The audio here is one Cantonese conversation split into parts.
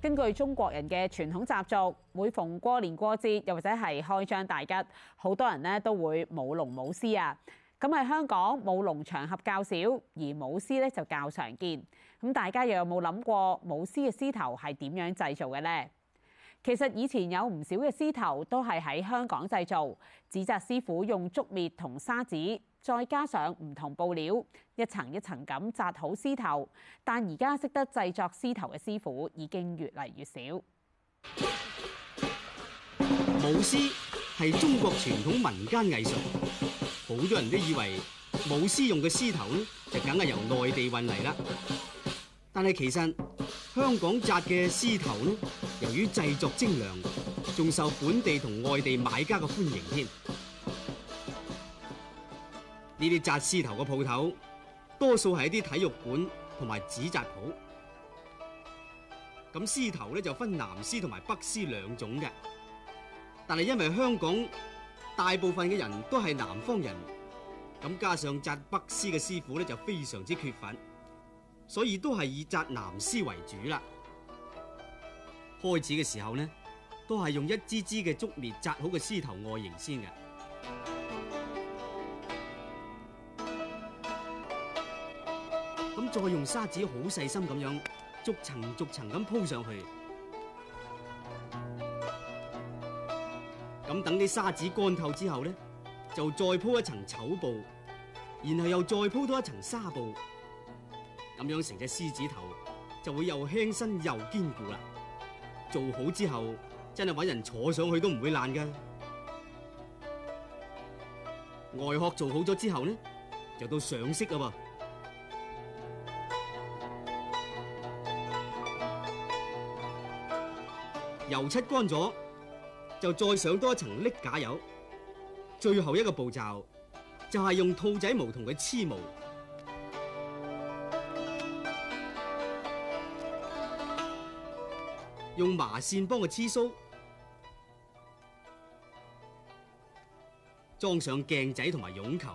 根據中國人嘅傳統習俗，每逢過年過節又或者係開張大吉，好多人咧都會舞龍舞獅啊。咁喺香港，舞龍場合較少，而舞獅咧就較常見。咁大家又有冇諗過舞獅嘅獅頭係點樣製造嘅呢？其實以前有唔少嘅獅頭都係喺香港製造，紙紮師傅用竹篾同紗紙，再加上唔同布料，一層一層咁紮好獅頭。但而家識得製作獅頭嘅師傅已經越嚟越少絲。舞獅係中國傳統民間藝術，好多人都以為舞獅用嘅獅頭咧就梗係由內地運嚟啦。但係其實香港紮嘅獅頭咧，由於製作精良，仲受本地同外地買家嘅歡迎添。呢啲紮獅頭嘅鋪頭，多數係一啲體育館同埋紙紮鋪。咁獅頭咧就分南獅同埋北獅兩種嘅，但係因為香港大部分嘅人都係南方人，咁加上紮北獅嘅師傅咧就非常之缺乏，所以都係以紮南獅為主啦。開始嘅時候呢，都係用一支支嘅竹篾扎好嘅獅頭外形先嘅。咁再用砂紙好細心咁樣逐層逐層咁鋪上去。咁等啲砂紙乾透之後呢，就再鋪一層綢布，然後又再鋪多一層紗布，咁樣成隻獅子頭就會又輕身又堅固啦。做好之後，真係搵人坐上去都唔會爛㗎。外殼做好咗之後呢，就到上色啦噃。油漆乾咗，就再上多一層瀝架油。最後一個步驟就係用兔仔毛同佢黐毛。用麻線幫佢黐鬚，裝上鏡仔同埋絨球，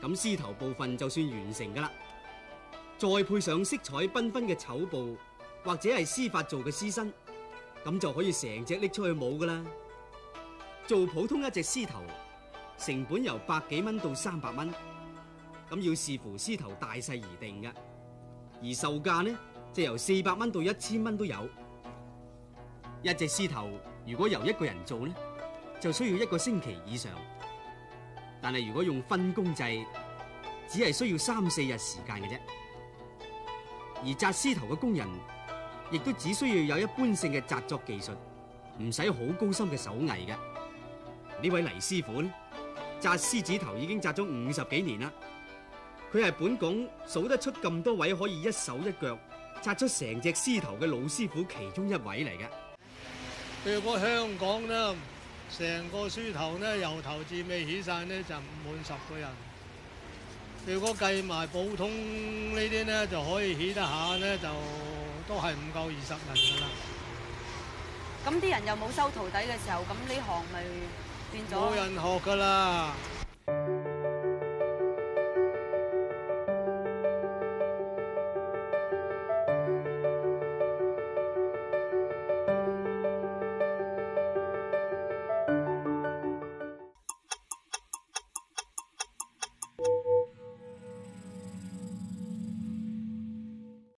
咁獅頭部分就算完成噶啦。再配上色彩繽紛嘅綢布或者係絲髮做嘅獅身，咁就可以成隻拎出去舞噶啦。做普通一隻獅頭，成本由百幾蚊到三百蚊，咁要視乎獅頭大細而定噶。而售價呢，即由四百蚊到一千蚊都有。一隻獅頭如果由一個人做呢，就需要一個星期以上。但係如果用分工制，只係需要三四日時間嘅啫。而紮獅頭嘅工人亦都只需要有一般性嘅紮作技術，唔使好高深嘅手藝嘅。呢位黎師傅紮獅子頭已經紮咗五十幾年啦，佢係本港數得出咁多位可以一手一腳紮出成隻獅頭嘅老師傅其中一位嚟嘅。如果香港呢，成個獅頭呢，由頭至尾起曬呢，就唔滿十個人。如果計埋普通呢啲呢，就可以起得下呢，就都係唔夠二十人㗎啦。咁啲人又冇收徒弟嘅時候，咁呢行咪變咗冇人學㗎啦。